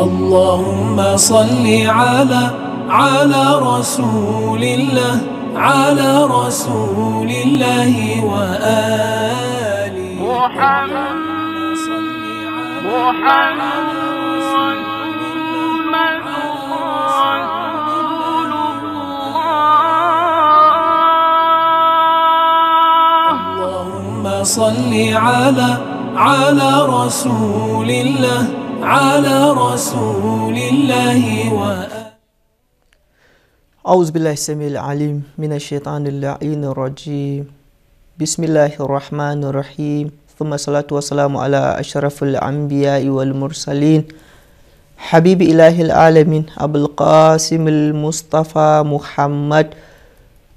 اللهم صل على على رسول الله على رسول الله وآله محمد محمد اللهم صل على على رسول الله على رسول الله وآله أعوذ بالله السميع العليم من الشيطان اللعين الرجيم بسم الله الرحمن الرحيم ثم الصلاة والسلام على أشرف الأنبياء والمرسلين حبيب إله العالمين أبو القاسم المصطفى محمد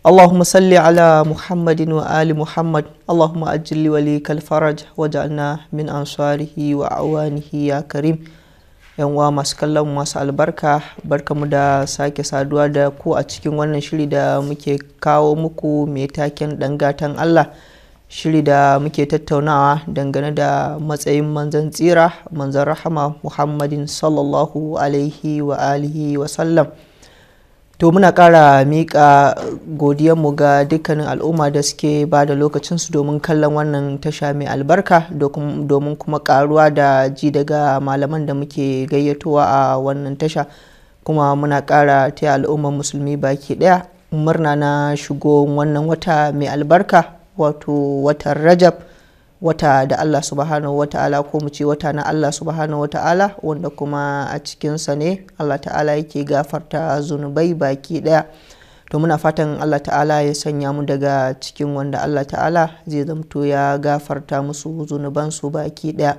اللهم صل على محمد وآل محمد اللهم أجل وليك الفرج وجعلنا من أنصاره وأعوانه يا كريم yan uwa masu kallon masu albarka barka mu da sake saduwa da ku a cikin wannan shiri da muke kawo muku mai taken dangatan Allah shiri da muke tattaunawa dangane da matsayin manzan tsira manzan rahama muhammadin sallallahu alaihi wa alihi wa sallam to muna kara mika godiyanmu ga dukkanin al'umma da suke ba da lokacinsu domin kallon wannan tasha mai albarka domin kuma karuwa da ji daga malaman da muke gayyatowa a wannan tasha kuma muna kara ta al'ummar musulmi baki ɗaya murna na shigo wannan wata mai albarka wato watan rajab wata da Allah subhanahu wata'ala ko mu ce wata na Allah subhanahu wata'ala wanda kuma a cikinsa ne Allah ta'ala yake gafarta zunubai baki daya to muna fatan Allah ta'ala ya sanya mu daga cikin wanda Allah ta'ala zai zamto ya gafarta musu zunubansu baki daya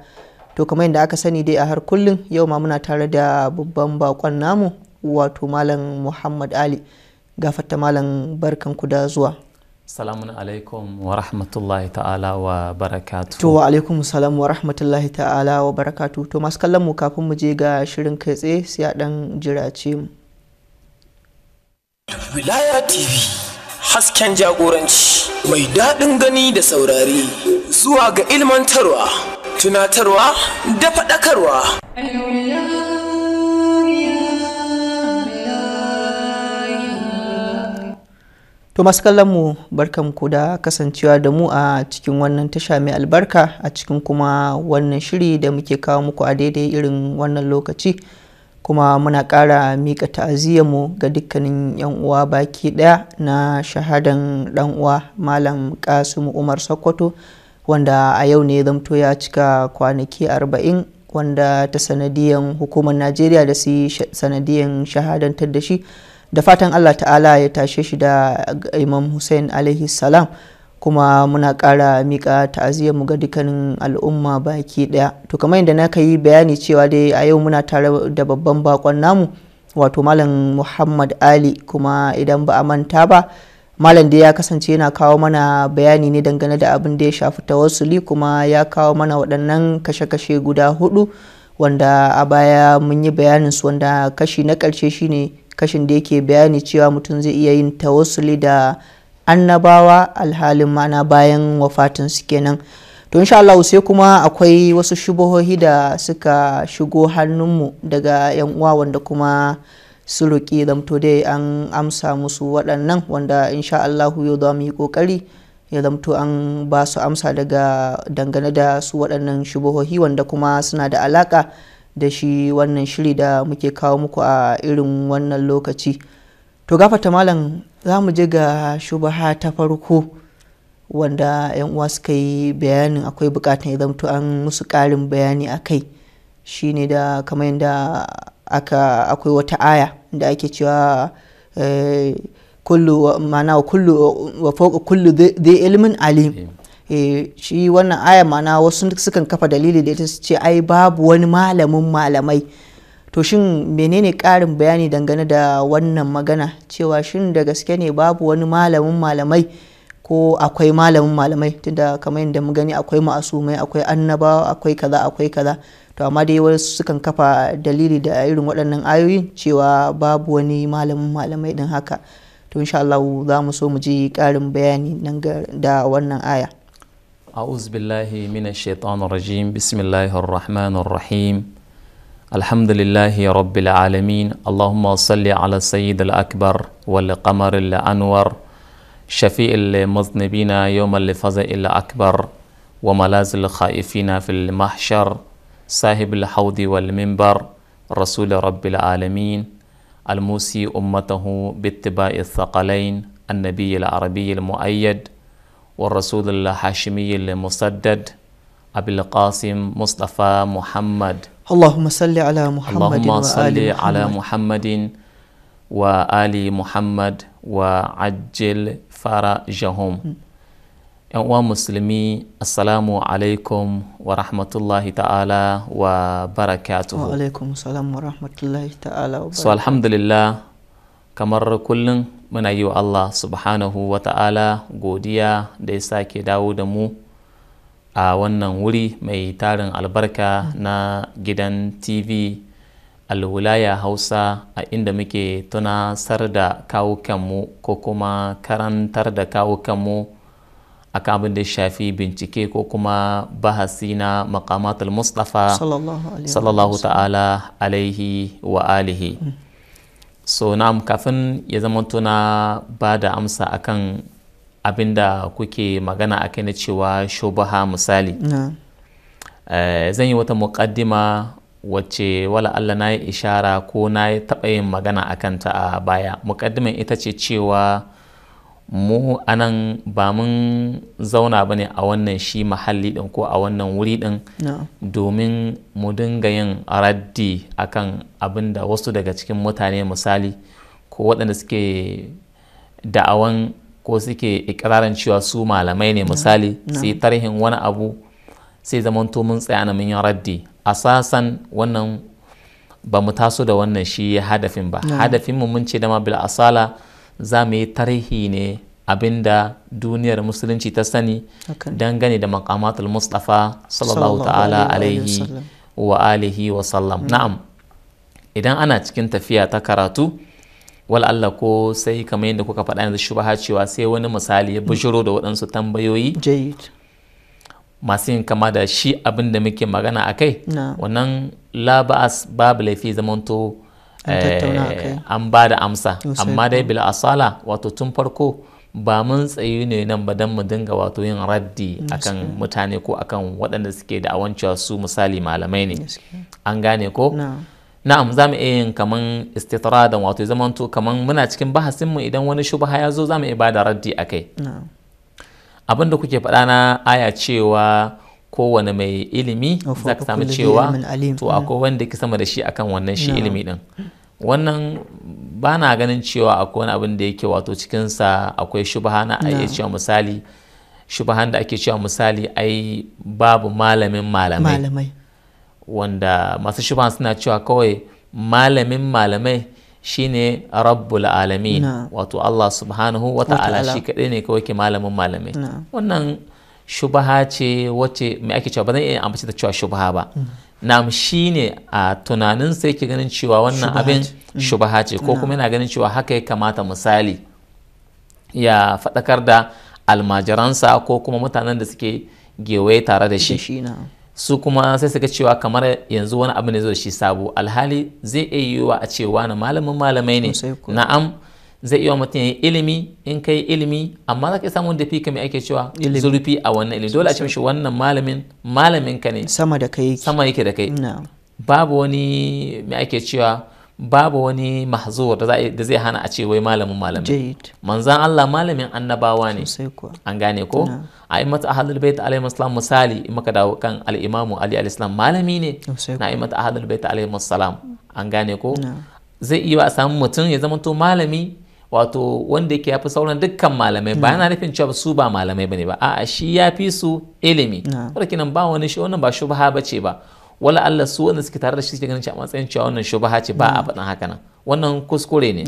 to kamar yadda aka sani dai a har kullum yau ma muna tare da babban bakon namu wato malam Muhammad Ali gafarta malam barkanku da zuwa salamun alaikum wa rahmatullahi ta'ala wa barakatu to wa alaikum salam wa rahmatullahi ta'ala wa barakatu to masu kallon mu kafin mu je ga shirin kai tsaye sai a dan jirace mu wilaya tv hasken jagoranci mai daɗin gani da saurari zuwa ga ilmantarwa tunatarwa da faɗakarwa To masu kallon mu barkan ku da kasancewa da mu a cikin wannan tasha mai albarka a cikin kuma wannan shiri da muke kawo muku a daidai irin wannan lokaci. kuma muna ƙara miƙa mu ga dukkanin 'yan uwa baki ɗaya na shahadan ɗan uwa malam kasimu umar sokoto wanda a yau ne zamto ya cika kwanaki 40 wanda ta sanadiyan hukumar najeriya da su sanadiyan shahadantar da shi da fatan allah ta'ala ya tashe shi da imam hussein alaihi salam kuma muna kara mika ta'aziyar mu ga dukkanin al'umma baki ɗaya to kamar yadda na ka yi bayani cewa dai a yau muna tare da babban bakon namu wato malam muhammad ali kuma idan ba a manta ba malam da ya kasance yana kawo mana bayani ne dangane da abin da ya shafi tawassuli kuma ya kawo mana waɗannan kashe-kashe guda hudu wanda a baya mun yi bayanin su wanda kashi na ƙarshe shine kashin da yake bayani cewa mutum zai iya yin tawassuli da annabawa alhalin mana bayan wafatin su kenan to insha Allah sai kuma akwai wasu shubuhohi da suka shigo hannunmu daga yan uwa wanda kuma su roƙi zamto dai an amsa musu waɗannan wanda insha Allah yau za mu yi ƙoƙari ya zamto an ba su amsa daga dangane da su waɗannan shubuhohi wanda kuma suna da alaƙa da shi wannan shiri da muke kawo muku a irin wannan lokaci to gafata malam za mu je ga shubaha ta farko wanda 'yan uwa suka yi bayanin akwai bukatan ya to an musu karin bayani a kai shi ne da kamar yadda akwai wata aya da ake cewa eh, kullu ma'ana kullu wa fauka kullu zai ilmin alim Eh, shi wannan aya mana wasu sukan kafa dalili da ita su ce ai babu wani malamin malamai to shin menene karin bayani dangane da wannan magana cewa shin da gaske ne babu wani malamin malamai ko akwai malamin malamai tunda kamar yadda mu gani akwai ma'asumai akwai annaba akwai kaza akwai kaza to amma dai wasu sukan kafa dalili da irin waɗannan ayoyin cewa babu wani malamin malamai din haka to insha Allah za mu so mu ji karin bayani da wannan aya أعوذ بالله من الشيطان الرجيم بسم الله الرحمن الرحيم الحمد لله رب العالمين اللهم صل على سيد الأكبر والقمر الأنور شفيء المذنبين يوم الفزع الأكبر وملاذ الخائفين في المحشر صاحب الحوض والمنبر رسول رب العالمين الموسي أمته باتباع الثقلين النبي العربي المؤيد والرسول الهاشمي المسدد أبي القاسم مصطفى محمد اللهم صل على محمد اللهم صل على محمد وآل محمد وعجل فرجهم ‘Yan uwa musulmi, Assalamu alaikum wa rahmatullahi ta'ala wa barakatuhu. Wa alaikum salam wa rahmatullahi ta'ala wa barakatuhu. So, alhamdulillah, kamar kullum muna yi wa Allah subhanahu wa ta'ala godiya da ya sake dawo da mu a wannan wuri mai tarin albarka na gidan tv alwulaya hausa a inda muke tunasar da kawukanmu ko kuma karantar da kawukanmu a kamun da shafi bincike ko kuma bahasi na makamatul mustafa sallallahu ta'ala alaihi wa alihi so na'am kafin ya zama tuna ba da amsa akan abin da kuke magana akai na cewa shubaha misali eh, zan yi wata muƙaddima wacce wala Allah na yi ishara ko na taɓa yin magana a kanta a baya muƙaddimin ita ce cewa mu anan ba mun zauna ba ne a wannan shi mahalli din ko a wannan wuri din domin mu dinga yin raddi akan abin da wasu daga cikin mutane misali ko waɗanda suke da'awan ko suke ikirarin cewa su malamai ne misali sai tarihin wani abu sai zamanto mun tsaya na mun yi raddi asasan wannan ba mu taso da wannan shi hadafin ba hadafinmu mun ce dama bil asala za mu yi tarihi ne abinda duniyar musulunci ta sani dangane da makamatul mustafa sallallahu ta'ala alaihi wa alihi wa sallam hmm. na'am idan ana cikin tafiya ta karatu wal Allah ko sai kamar yadda kuka faɗa yanzu shubaha cewa sai wani misali ya hmm. bishiro da waɗansu tambayoyi masu yin kama da shi abin da muke magana a kai wannan laba'as babu laifi zamanto Eh, an ba da amsa amma dai bil asala wato tun farko ba mun tsayu ne nan ba don mu dinga wato yin raddi akan mutane ko akan waɗanda suke da awancewa su misali malamai ne an gane ko na'am za mu iya yin kaman istitradan wato zamanto kaman muna cikin bahasin mu idan wani shubha ya zo za mu iya ba da raddi a kai abinda kuke faɗa na aya cewa kowane mai ilimi za ka samu cewa to akwai wanda ke sama da shi akan wannan shi ilimi din wannan ba na ganin cewa akwai wani abin da yake wato cikinsa akwai shubaha na a cewa misali shubahan da ake cewa misali ai babu malamin malamai wanda masu shubahan suna cewa kawai malamin malamai shine rabbul alamin wato Allah subhanahu wa ta'ala shi kaɗai ne kawai ke malamin malamai wannan shubaha ce wacce mai ake cewa ba zan iya ambaci da cewa shubaha ba na shi ne a tunanin sai ke ganin cewa wannan abin mm. shubaha ce ko kuma yana ganin cewa haka ya kamata misali ya faɗakar da almajiransa ko kuma mutanen da suke gewaye tare da shi su kuma sai su cewa kamar yanzu wani abu ne zo da shi sabo alhali zai iya yiwuwa a cewa na malamin malamai ne na'am zai iya mutum ya ilimi in kai ilimi amma za ka samu dafi ka mai ake cewa zurfi a wannan ilimi dole a ce mishi wannan malamin malamin ka ne sama da kai sama yake da kai babu wani mai ake cewa babu wani mahzur da zai hana a ce wai malamin malamin manzan Allah malamin annabawa ne an gane ko a imat ahlul bait alayhi salam misali in muka dawo kan al-imamu ali alayhi assalam malami ne na imat ahlul bait alayhi salam an gane ko zai iya a samu mutum ya zama to malami wato wanda yake yafi sauran dukkan malamai ba hmm. yana nufin cewa su ba malamai bane ba a'a shi ya fi su ilimi wanda hmm. nan ba wani shi wannan ba ba bace ba wala Allah su wanda suke tare da shi suke ganin a matsayin cewa wannan shubaha ce ba a hmm. faɗin haka nan wannan kuskure ne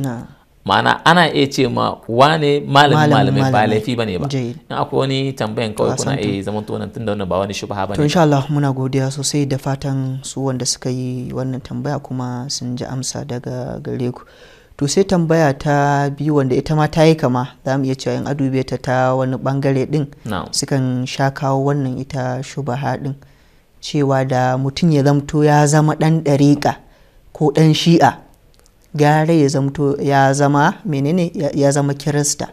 ma'ana ana iya ce ma wane malamin malamin ba laifi bane ba in akwai wani tambayan kawai kuna iya zaman to wannan tunda wannan ba wani shubha bane to insha Allah muna godiya sosai da fatan su wanda suka yi wannan tambaya kuma sun ji amsa daga gare ku to sai tambaya ta biyu wanda ita ma ta yi kama za mu iya cewa in adube ta ta wani bangare din sukan sha kawo wannan ita shubaha din cewa da mutum ya zamto ya zama ɗan ɗariƙa ko ɗan shi'a gara ya zamto ya zama menene ya zama kirista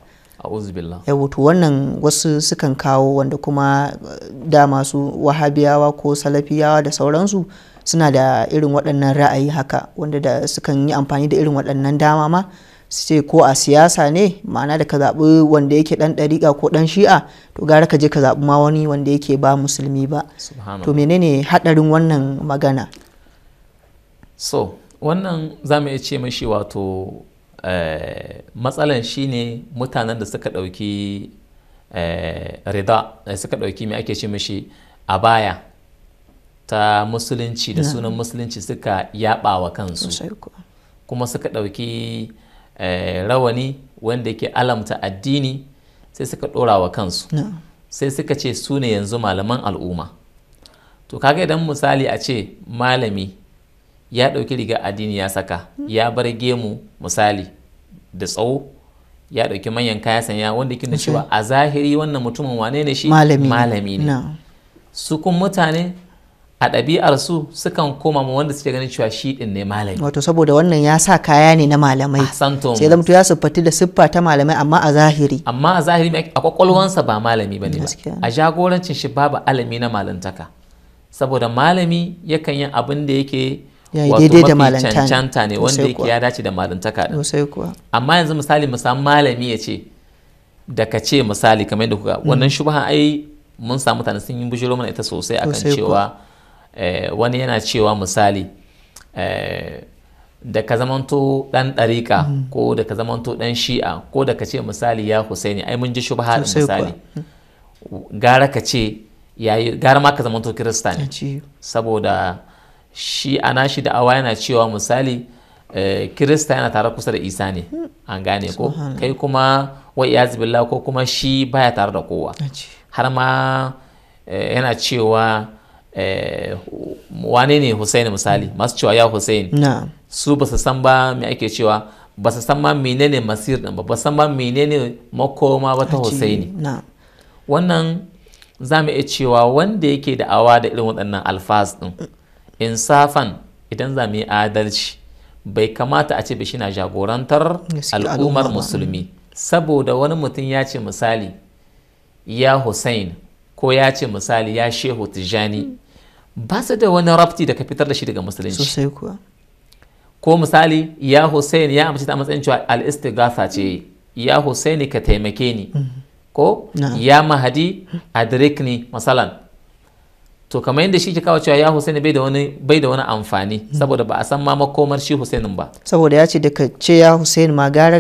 ya wuto wannan wasu sukan kawo wanda kuma eh, da masu wahabiyawa ko salafiyawa da sauransu suna da irin waɗannan ra'ayi haka wanda da sukan yi amfani da irin waɗannan dama ma su ce ko a siyasa ne ma'ana da ka zaɓi wanda yake ɗan ɗariƙa ko ɗan shi'a to gara ka je ka zaɓi ma wani wanda yake ba musulmi ba to menene haɗarin wannan magana so wannan za mu iya ce mashi wato eh, matsalan shine mutanen da suka ɗauki eh, rida eh, suka ɗauki mai ake ce mashi a baya ta musulunci da sunan musulunci suka yaba wa kansu kuma suka ɗauki eh, rawani wanda ke alamta addini sai suka ɗora wa kansu sai suka ce su ne yanzu malaman al'umma to kaga idan misali a ce malami ya ɗauki riga addini ya saka hmm. ya bar gemu misali da tsawo ya ɗauki manyan kaya sanya wanda ke cewa a zahiri wannan mutumin wane ne shi malami ne su kun mutane a ɗabi'ar su sukan koma ma wanda suke ganin cewa shi ɗin ne malami wato saboda wannan ya sa kaya ne na malamai sai zamto ya siffati da siffa ta malamai amma a zahiri amma a zahiri a kwakwalwansa ba malami ba ne ba a jagorancin shi babu alami na malantaka saboda malami yakan yi abin da yake daidai da malantaka cancanta ne wanda yake ya dace da malantaka amma yanzu misali mu samu malami ya ce da ka ce misali kamar yadda kuka mm. wannan shubha ai mun samu mutane sun yi bujiro mana ita sosai akan cewa Eh, wani yana cewa misali eh, da ka zamanto ɗan ɗarika mm-hmm. ko da ka zamanto ɗan shi'a ko da ka ce misali ya husaini ai mun ji shubha misali mm-hmm. gara ka ce yayi gara ma ka zamanto kirista ne saboda shi ana shi da awa yana cewa misali eh, kirista yana tare kusa da isa ne mm-hmm. an gane ko kai kuma wai ya ko kuma shi baya tare da kowa har ma yana cewa Eh, wane ne Hussein misali masu cewa ya Hussein su ba su san ba me ake cewa ba su san ma menene masir din ba ba san ma menene makoma ba ta Husaini wannan za mu iya cewa wanda yake da awa da irin waɗannan alfaz din insafan idan za mu yi adalci bai kamata a ce ba shi na jagorantar al'ummar musulmi saboda wani mutum ya ce misali ya Hussein ko ya ce misali ya shehu Tijani. ba su da wani rafti da ka fitar da shi daga musulunci sosai kuwa ko misali ya Hussein ya amince ta matsayin cewa al-istighatha ce ya Hussein ka taimake ni mhm. ko ya Mahadi adrikni masalan to kamar yadda shi ke kawo cewa ya Husaini bai da wani bai da wani amfani saboda ba a san ma makomar shi Husainin ba saboda ya ce daga ce ya Husaini ma gara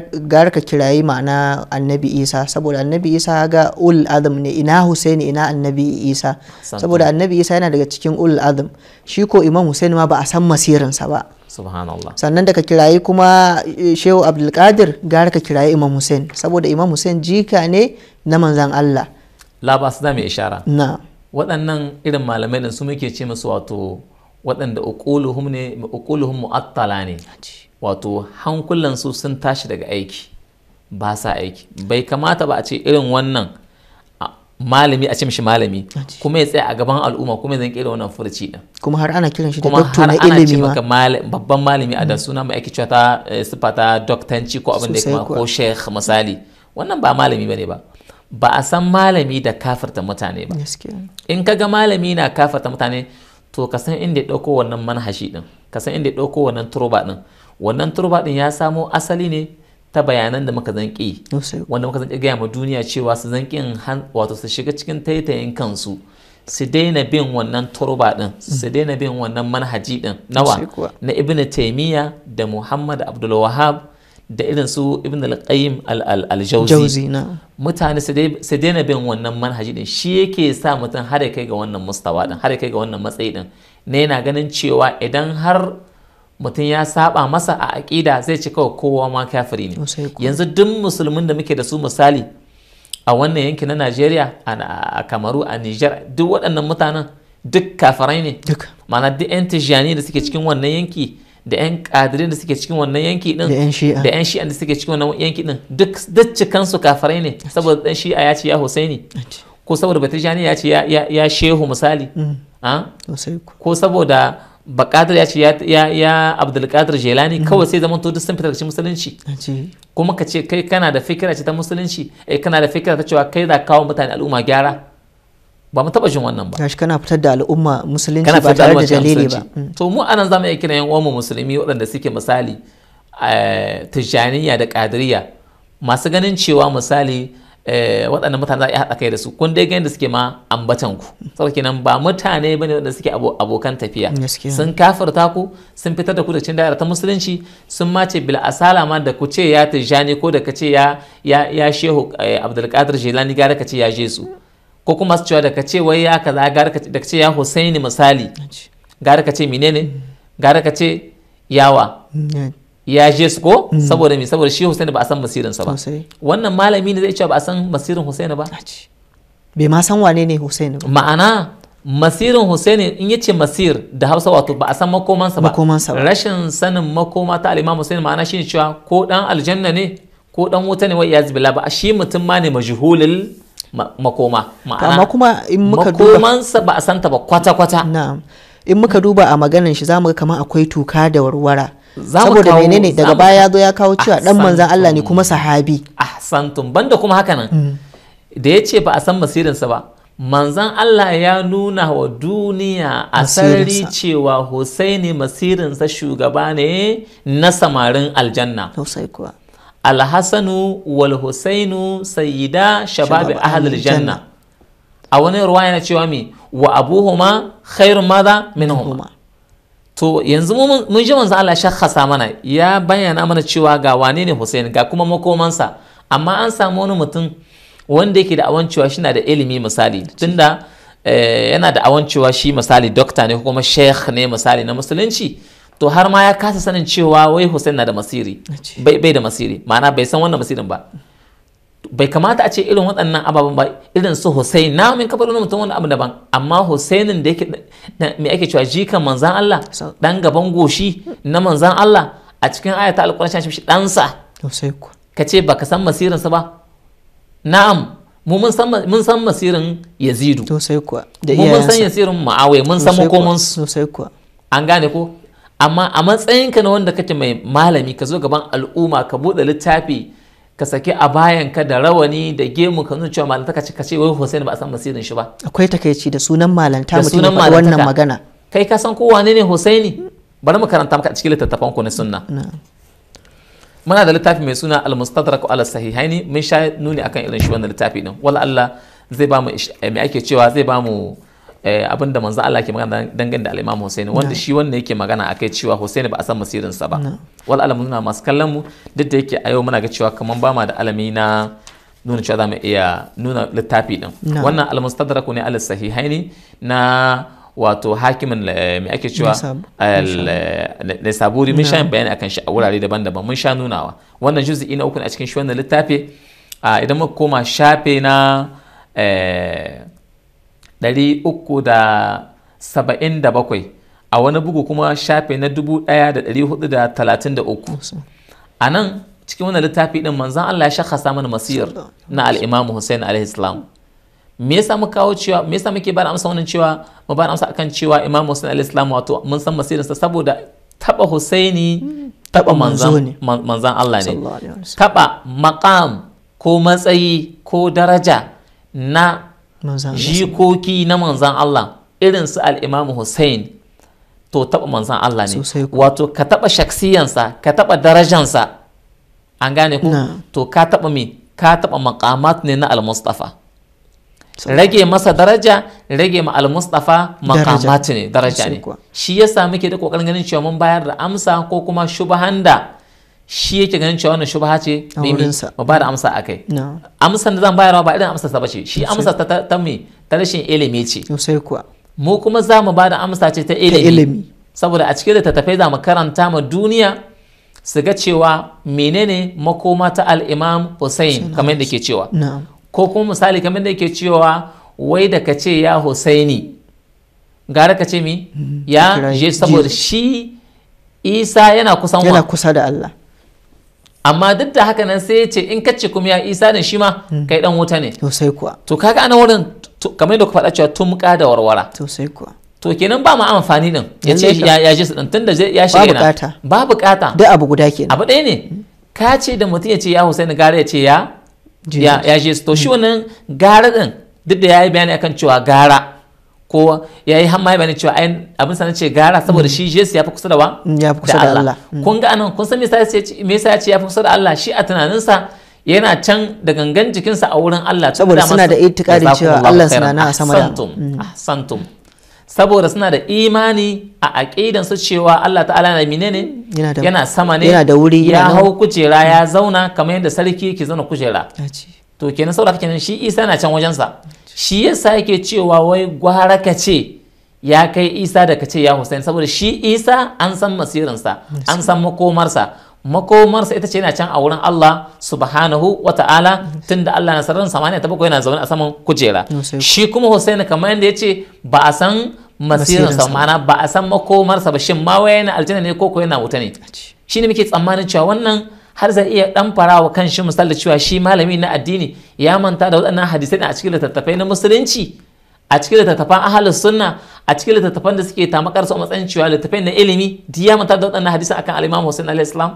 ka kirayi ma'ana Annabi Isa saboda Annabi Isa ga ul azm ne ina Husaini ina Annabi Isa saboda Annabi Isa yana daga cikin ul azm shi ko Imam Husaini ma ba a san masirinsa ba subhanallah sannan daga kirayi kuma eh, Shehu Abdulkadir gara ka kirayi Imam Hussein, saboda Imam Hussein jika ne na manzan Allah la ba su da mai ishara na'am waɗannan irin malamai da su muke ce musu wato waɗanda ukuluhun mu'attala ne wato hankulansu sun tashi daga aiki ba sa aiki bai kamata ba a ce irin wannan malami a cimshi malami kuma ya tsaya a gaban al'umma kuma zan kira wannan furci ɗin kuma har ana kiran shi da doctor na ilimi ma kuma har ana ce babban malami a da mm. suna mai ake cewa ta eh, sifata doktanci ko abin da ya kama ko sheikh misali wannan ba malami bane ba ba a san malami da kafarta mutane ba in ka ga malami na kafarta mutane to ka san inda ya ɗauko wannan manhashi ɗin ka san inda ya ɗauko wannan turba ɗin wannan turba ɗin ya samo asali ne ta bayanan da muka zanƙi wanda muka zanƙi gaya ma duniya cewa su zanƙi wato su shiga cikin taitayin kansu su daina bin wannan turba ɗin su mm. daina bin wannan manhaji ɗin nawa na ibn taimiyya da muhammad abdul wahab da irin su ibn al-qayyim al mutane su daina bin wannan manhaji din shi yake sa mutum har ya kai ga wannan mustawa din har ya kai ga wannan matsayi din ne yana ganin cewa idan har mutum ya saba masa a aƙida zai ci kawai kowa ma kafiri ne yanzu duk musulmin da muke da su misali a wannan yanki na Najeriya a Kamaru a Niger duk waɗannan mutanen duk kafirai ne mana duk 'yan tijjani da suke cikin wannan yanki da yan kadirin da suke cikin wannan yanki din da yan shi'a da suke cikin wannan yanki din duk daccikan su kafirai ne saboda dan shi'a ya ce ya husaini ko saboda batijani ya ce ya shehu misali mm. ah? ko saboda bakadir ya ce ya abdulkadir jelani mm. kawai sai zaman duk sun fita daga musulunci kuma ka ce kai kana da fikira ce ta musulunci eh, kana da fikira ta cewa kai za kawo mutane al'umma gyara ba mu taba jin wannan ba gashi kana fitar da al'umma musulunci ba tare da dalili ba mm. to mu anan zamu iya kiran yan uwanmu musulmi waɗanda suke misali eh, tijjaniya da kadiriya masu ganin cewa misali eh, waɗannan mutane za a haɗa kai da su kun dai ganin da suke ma ambatan ku sarki nan ba mutane bane waɗanda suke abokan tafiya sun kafirta ku sun fitar da ku da cin daira ta musulunci sun mace bil asala ma da ku ce ya tijjani ko da ka ce ya shehu eh, abdulkadir jilani gara ka ce ya je su ko kuma su cewa daga ce wai ya kaza gara ka ce ya Husaini misali gara ka ce menene gara ka ce yawa ya je su ko mm. saboda me saboda shi Husaini ba a san masirinsa ba wannan malami ne zai cewa ba a san masirin Husaini ba bai ma san wane ne Husaini ba ma'ana masirin Husaini in yace masir da Hausa wato ba a san makomansa ba rashin sanin makoma ta al-Imam Husaini ma'ana shine cewa ko dan aljanna ne ko dan wuta ne wai ya zibila ba shi mutum ma ne majhulul makoma ma'ana kuma in muka duba makomansa ba a santa ba kwata-kwata na'am in muka duba a maganan shi zamu ga kamar akwai tuka da warwara saboda menene daga baya zo ya kawo cewa dan manzan Allah ne kuma sahabi ahsantum banda kuma haka nan mm. da ya ce ba a san masirinsa ba manzan Allah ya nuna wa duniya a sarari cewa Husaini masirinsa shugaba ne na samarin aljanna alhassanu wal husainu sayyida shababi ahlul janna a wani ruwa yana cewa me wa abuhuma khairu maza minhuma to yanzu mun ji manzo Allah shakhasa mana ya bayyana mana cewa ga wane ne Hussein ga kuma makomansa amma an samu wani mutum wanda yake da awan cewa shi na da ilimi misali tunda eh, yana da awan cewa shi misali dokta ne kuma sheikh ne misali na musulunci to har ma ya kasa sanin cewa wai Hussein na da masiri bai da masiri ma'ana bai san wannan masirin ba bai kamata a ce irin waɗannan ababen ba irin su Hussein na min kafa wani mutum wani abu daban amma Husseinin da yake me ake cewa jikan manzan Allah dan gaban goshi na manzan Allah a cikin ayata alƙur'ani shi ɗansa ka ce baka san masirinsa ba na'am mu mun san masirin Yazidu to sai kuwa mun san yasirin Muawiya mun san makomansu an gane ko amma a matsayinka na wanda kake mai malami ka zo gaban al'umma ka buɗe littafi ka saki a bayan ka da rawani da gemu ka nuna cewa ka ce ce wai Hussein ba a san masirin shi ba akwai takeici da sunan malanta mutum ya wannan magana kai ka san ko wane ne Hussein bari mu karanta maka cikin littattafan ku na sunna muna da littafi mai suna al-mustadrak ala sahihaini mun sha nuni akan irin shi wannan littafi din wala Allah zai ba mu eh, mai ake cewa zai ba mu Eh, abin da manzo Allah ke magana dangane da al-Imam Husaini wanda shi wanda yake magana akai cewa Husaini ba a san sa ba wal alamu muna masu kallon mu duk da yake a yau muna ga cewa kaman ba ma da alami na nuna cewa za mu iya nuna littafi din wannan al-mustadraku ne al-sahihaini na wato hakimin eh, mai ake cewa da eh, saburi mun sha bayani akan shi a wurare daban-daban mun sha nunawa wannan juzu'i na uku a cikin shi wannan littafi ah, idan muka koma shafe na 377 a wani bugu kuma shafe na 1433 a nan cikin wani littafi din manzan Allah ya shakasa mana masir na al'imamu Hussein alaihi salam me yasa mu kawo cewa me yasa muke bada amsa wannan cewa mu bada amsa akan cewa imamu Hussein alaihi salam wato mun san masirinsa saboda taba Husaini taba manzan manzan Allah ne taba maqam ko matsayi ko daraja na jikoki na manzan Allah irin su al'imamu Hussein to taɓa manzan Allah ne wato ka taɓa shaksiyansa ka taɓa darajansa an gane ku to ka taɓa me ka taɓa makamat ne na al-mustafa rage masa daraja rage ma al-mustafa makamat ne daraja ne shi yasa muke da ƙoƙarin ganin cewa mun bayar da amsa ko kuma shubahanda shi yake ganin cewa wannan shubha ce ba ba da amsa a kai amsan da zan bayarwa ba idan amsa sa bace shi amsa ta ta me ta rashin ilimi ce sai kuwa mu kuma za mu ba da amsa ce ta ilimi saboda a cikin littattafai za mu karanta ma duniya su ga cewa menene makoma ta al-Imam Hussein kamar yadda ke cewa ko kuma misali kamar yadda ke cewa wai da ka ce ya Hussaini gara ka ce mi mm-hmm. ya je saboda shi Isa yana yana kusa da Allah amma duk da haka nan sai ya ce in kace kuma ya isa ne shi ma hmm. kai dan wuta ne to sai kuwa to kaga anan wurin kamar yadda ku faɗa cewa tumka da warwara to sai kuwa to kenan ba ma amfani din ya ce ya ji su din tunda ya shige na ba bukata da abu guda kenan abu ɗaya ne hmm. ka ce da mutum ya ce ya Husaini gara ya ce ya ya su. to shi hmm. wannan gara din duk da yayi bayani akan cewa gara ko ya yi hamma ya bani cewa ayin abin sana ce gara saboda shi jesu ya fi kusa da wa ya fi kusa da Allah mm. kun ga anan kun san me yasa ya ce ya fi kusa da Allah shi a tunaninsa yana can da gangan jikinsa a wurin Allah saboda suna da itikadin cewa Allah suna na sama da santum mm. saboda suna da imani a aqidan su cewa Allah ta'ala na menene yana sama ne yana da wuri ya hau kujera ya zauna kamar yadda sarki ke zauna kujera to kenan saboda kenan shi Isa na can wajensa shi yasa yake cewa wai gwara ka ce ya kai isa da ka ce ya hussein saboda shi isa an san masirinsa an san makomarsa makomarsa ita ce yana can a wurin Allah subhanahu wa ta'ala tun da Allah na sararin samaniya ta bakwai yana zaune a saman kujera shi kuma Hussein kamar yadda ya ce ba a san masirinsa ma'ana ba a san makomarsa ba shin ma wai yana aljanna ne ko yana wuta ne shi ne muke tsammanin cewa wannan har zai iya dan farawa kan shi misali cewa shi malami na addini ya manta da waɗannan hadisai a cikin littattafai na musulunci a cikin littattafan ahalus sunna a cikin littattafan da suke tamakar su a matsayin cewa littattafai na ilimi duk ya manta da waɗannan hadisai akan al-Imam Hussein alayhi salam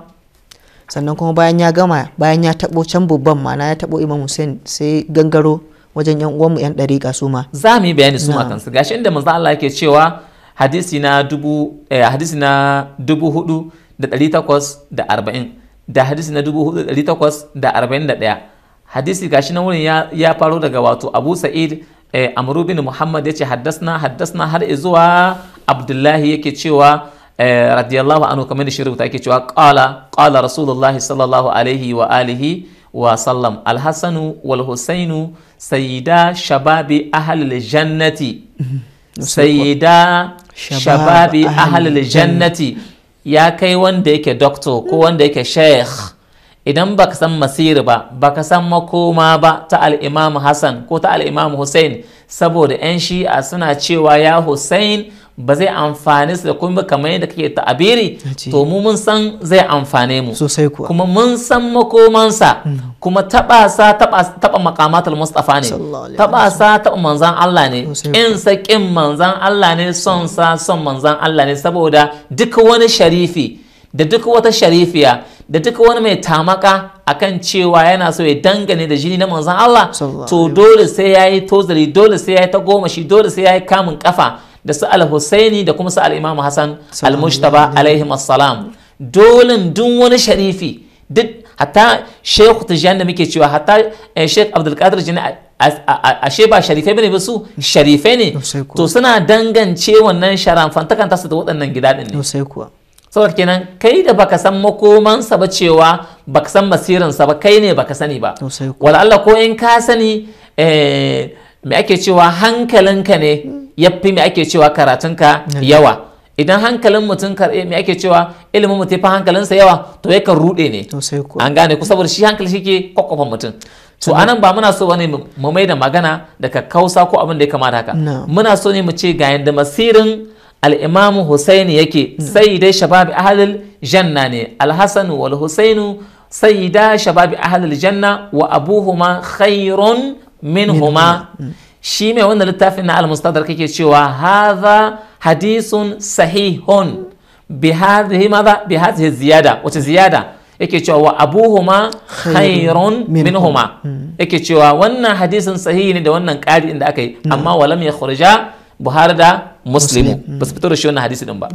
sannan kuma bayan ya gama bayan ya tabo can babban ma'ana ya tabo Imam Hussein sai gangaro wajen yan uwanmu yan dariƙa su ma za mu yi bayani su ma kansu gashi inda manzo Allah yake cewa hadisi na dubu eh, hadisi na dubu hudu da ɗari takwas da arba'in da hadisi na 4841 hadisi gashi na wurin ya faro daga wato abu sa'id eh, amru bin muhammad ya ce haddasna haddasna har zuwa abdullahi yake cewa eh, radiyallahu anhu kamar da shirin yake cewa qala qala rasulullahi sallallahu alaihi wa alihi wa sallam alhassanu wal husainu shababi Ahalil, jannati mhm. sayida shababi Ahalil, jannati ya kai wanda yake doctor ko wanda yake sheikh idan baka san masiri ba baka san makoma ba ta al'imam hassan ko ta al'imam hussein saboda 'yan shi'a suna cewa ya hussein ba zai amfani su da kuma kamar yadda kake ta'abiri to mu mun san zai amfane mu sosai kuma mun san makomansa hmm. kuma taba sa taba makamatul mustafa ne taba sa taba manzan Allah ne in sa kin manzan Allah ne son sa son manzan Allah ne saboda duk wani sharifi da duk wata sharifiya da duk wani mai tamaka akan cewa yana so ya dangane da jini na manzan Allah to dole sai yayi tozari dole sai yayi ta goma shi dole sai yayi kamun kafa da su al-husaini da kuma su al-imam hasan al-mushtaba alaihi salam. dolin dun wani sharifi duk hatta sheikh jiyan da muke cewa hatta eh, sheikh abdulkadir jini ashe ba sharifai bane ba su sharifai ne to suna dangance wannan sharamfantakan su da waɗannan gida ɗin ne saboda kenan kai da baka san makomansa ba cewa baka san masirinsa ba kai ne baka sani ba wala Allah ko in ka sani eh, me ake cewa hankalinka ne hmm. ya fi me ake cewa karatunka yawa idan hankalin mutum karɓe eh, me ake cewa ilimin mutum fa hankalinsa yawa to ya kan rude ne an gane ku saboda shi hankali shi ke kwakwafa mutum to anan ba muna so wani mu mai da magana daga kausa ko abin da ya kamata haka muna so ne mu ce ga yanda masirin al-imam Husaini yake dai shababi ahlul janna ne al-Hasan wal Husainu sayyida shababi ahlul janna wa abuhuma khairun minhuma mm. shi mai wannan littafin na al kake cewa haza hadisun sahihun bi hadhihi ziyada wace ziyada yake cewa wa abuhuma khairun minhuma hmm. yake cewa wannan hadisin sahihi ne da wannan ƙari inda aka yi hmm. amma walam ya buhari da muslimu hmm. ba su fito da shi wannan hadisi din ba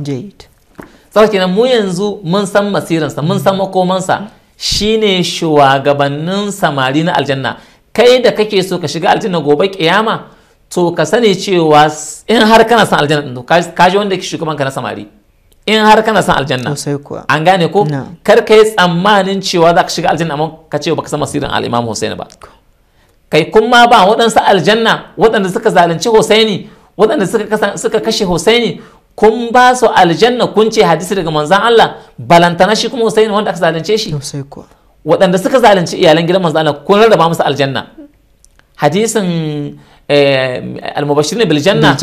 saboda kenan mu yanzu mun san masiransa mun san makomansa shine shugabannin samari na aljanna kai da kake so ka shiga aljanna gobe kiyama to ka sani cewa in har kana san aljanna to ka ji wanda ke shugaban ka na samari in har kana san aljanna an gane ko kar kai tsammanin cewa za ka shiga aljanna amma ka ce baka san masirin al-Imam Hussein ba kai kuma ba waɗansu aljanna waɗanda suka zalunci Hussein waɗanda suka kashe Hussein kun ba su aljanna kun ce hadisi daga manzan Allah balantana shi kuma Hussein wanda aka zalunce shi waɗanda suka zalunci iyalan gidan manzo Allah kun rarraba musu aljanna hadisin eh, almubashirin bil janna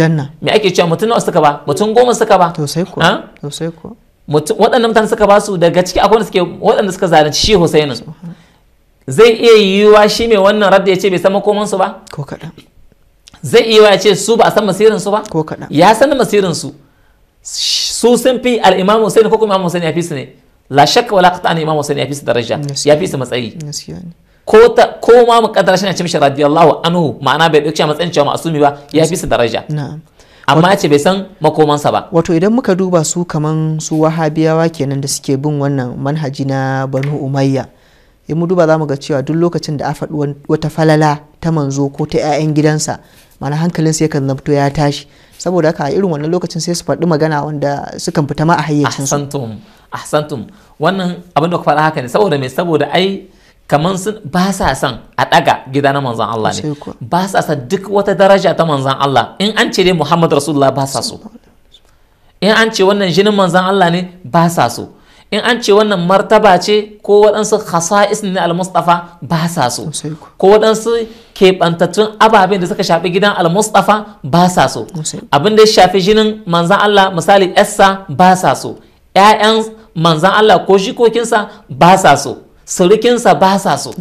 me ake cewa mutum nawa suka ba mutum goma suka ba to sai ko to sai ko waɗannan mutane suka ba su daga ciki akwai wanda suke waɗanda suka zalunci shi Husainu zai iya yiwuwa shi mai wannan radda ya ce bai san makoman su ba ko kaɗan zai iya ya ce su ba a san masirin su ba ko kaɗan ya san masirin su su sun fi al-Imam Hussein ko kuma Imam Hussein ya fi su ne la shakka wala qatan imam Hussein ya fi su daraja ya fi su matsayi ko ta ko ma mu kadara shi ne cimshi radiyallahu anhu ma'ana bai dauki matsayin cewa ma'asumi ba ya fi su daraja amma ya ce bai san makomansa ba wato idan muka duba su kaman su wahabiyawa kenan da suke bin wannan manhaji na banu umayya in mu duba za mu ga cewa duk lokacin da a faɗi wata falala ta manzo ko ta 'ya'yan gidansa mana hankalinsa kan zamto ya tashi saboda haka a irin wannan lokacin sai su faɗi magana wanda sukan fita ma a hayyacin su ahsantum wannan abin da ku faɗa haka ne saboda me saboda ai kaman sun ba sa san a ɗaga gida na manzan Allah ne ba sa san duk wata daraja ta manzan Allah in an ce dai Muhammad Rasulullah ba sa so in an ce wannan jinin manzan Allah ne ba sa so in an ce wannan martaba ce ko waɗansu khasa'is ne al-mustafa ba sa so ko waɗansu keɓantattun ababen da suka shafi gidan al-mustafa ba sa so abin da ya shafi jinin manzan Allah misali Essa ba sa so 'ya'yan manzan Allah ko shikokinsa ba sa so surukinsa ba sa so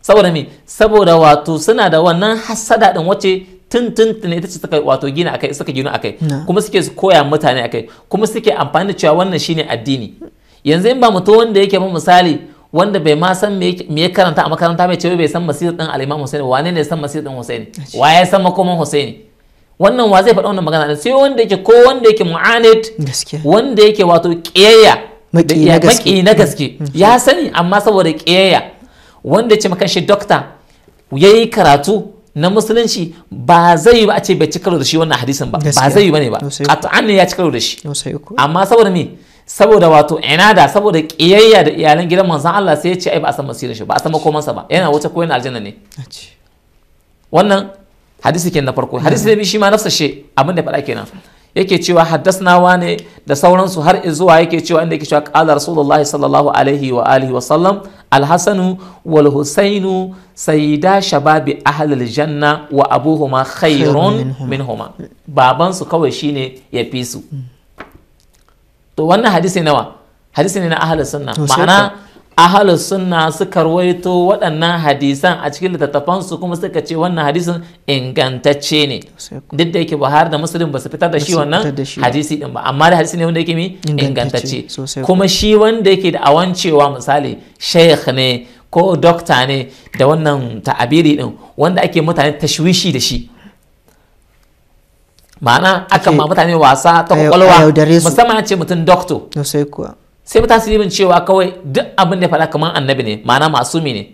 saboda me saboda wato suna da wannan hassada din wace tun tun ita ce suka wato gina akai suka gina akai kuma suke koya mutane akai kuma suke amfani da cewa wannan shine addini yanzu in ba mutum wanda yake ba misali wanda bai ma san me ya karanta a makaranta mai ce bai san masir din alimam Husaini wane ne san masir din Husaini wa ya san makoman Husaini wannan wa zai faɗa wannan magana sai wanda yake ko wanda yake mu'anid wanda yake wato kiyayya maki na gaske mm. ya sani amma saboda kiyayya wanda ce makanshi dokta ya yi karatu na musulunci ba zai yi ba a ce bai ci karo da shi wannan hadisin ba ba zai yi ba ne ba a ya ci karo da shi amma saboda me saboda wato inada saboda kiyayya da iyalan gidan manzon Allah sai ya ce ai ba a san masirin shi ba a san makomansa ba yana wuce ko yana aljanna ne wannan hadisi ke na farko hadisi mm. ne shi ma nafsa shi abin da faɗa kenan yake cewa haddasnawa ne da sauransu har zuwa yake cewa inda yake cewa qala rasulullahi sallallahu alaihi wa alihi wasallam alhasanu wal husainu sayida shababi ahlil janna wa abuhuma khairun minhuma baban su kawai shine ya fi su to wannan hadisi nawa hadisi ne na ahlus sunna ma'ana ahalus sunna suka rawaito waɗannan hadisan a cikin littattafansu kuma suka ce wannan hadisin ingantacce ne duk da yake buhari da muslim ba su fitar da shi wannan hadisi din ba amma da hadisi ne wanda yake mi ingantacce kuma shi wanda yake da awan cewa misali sheikh ne ko dokta ne da wannan ta'abiri din wanda ake mutane tashwishi da shi ma'ana akan ma mutane wasa ta kwakwalwa musamman ce mutum dokto sai mu tasirin cewa kawai duk abin da faɗa kamar annabi ne ma'ana masumi ne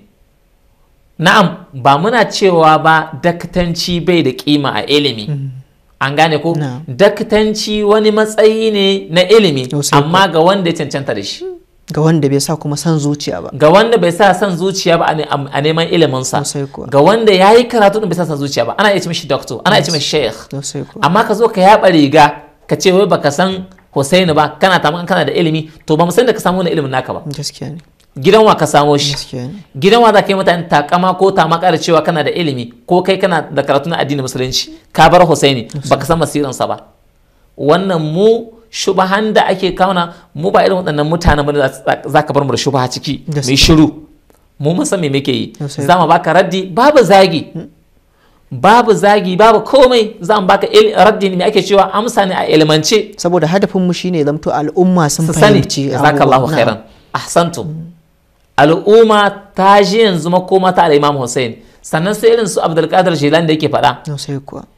na'am ba muna cewa ba daktanci bai da kima a ilimi hmm. an gane ko daktanci wani matsayi ne na ilimi amma ga wanda ya cancanta da shi ga wanda bai sa kuma san zuciya ba ga wanda bai sa san zuciya ba a neman ilimin sa ga wanda ya yi karatu bai sa san zuciya ba ana iya ce mishi doctor ana iya ce mishi sheikh amma ka zo ka yaba riga ka ce wai baka san hussaini ba kana kana da ilimi to ba mu san da ka samu wani ilimin naka ba gaskiya ne gidan wa ka samo shi gidan wa za ka yi mutane takama ko tamaka da cewa kana da ilimi ko kai kana da karatu na addinin musulunci ka bar Husaini baka san masiransa ba wannan mu shubahan da ake kauna mu ba irin waɗannan mutanen ba za ka bar mu da shubaha ciki mai shiru mu mun san me muke yi za mu baka raddi babu zagi hmm. babu zagi babu komai zan baka raddin ne ake cewa amsa ne a ilmance saboda hadafin mu shine zamto al'umma sun fahimci jazakallahu khairan Ahsantu. al'umma ta ji yanzu makoma ta al'imam imam Hussein sannan sai irin su Abdulkadir Jilani da yake faɗa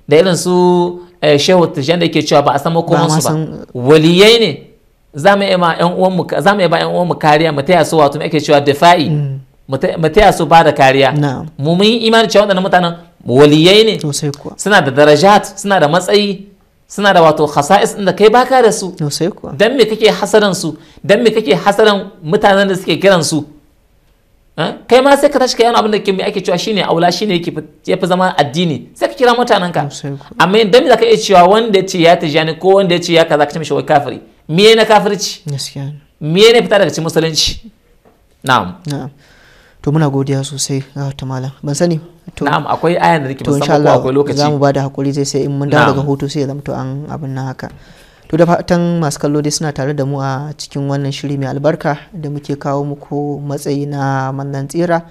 da irin su eh, Shehu Tijani da yake cewa ba a san makomansu ba waliyai ne za mu ba ‘yan uwanmu kariya mu taya su wato ake cewa difa'i mm. mu taya su ba da kariya mu mun yi imanin cewa waɗannan mutanen waliyai ne suna da darajat suna da matsayi suna da wato khasa'is inda kai baka da su dan me kake hasaran su dan me kake hasaran mutanen da suke kiran su eh? kai ma sai ka tashi kayan abin da ke ake cewa shine aula shine yake yafi zama addini sai ka kira mutanen ka amma dan me zaka iya cewa wanda ya ce ya tijani ko wanda ya ce ya kaza ka tashi mishi wai kafiri me na kafirci me ne fita daga cikin musulunci na'am to muna godiya sosai ga malam ban sani na'am akwai ayan da nake ba ko akwai lokaci zamu bada hakuri zai sai in mun dawo daga hutu sai ya zamto an abin nan haka to da fatan masu kallo dai suna tare da mu a cikin wannan shiri mai albarka da muke kawo muku matsayi na mannan tsira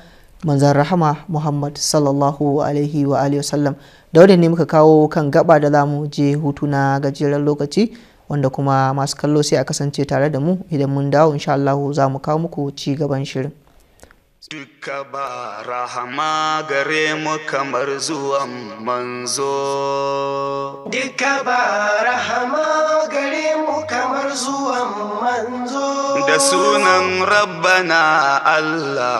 manzan rahama muhammad sallallahu alaihi wa alihi wasallam da wadda ne muka kawo kan gaba da zamu je hutu na gajeren lokaci wanda kuma masu kallo sai a kasance tare da mu idan mun dawo insha Allah za mu kawo muku ci gaban shirin Duka ba rahama gare mu kamar zuwan manzo. Duka ba rahama gare mu kamar zuwan manzo. Da sunan rabbana Allah.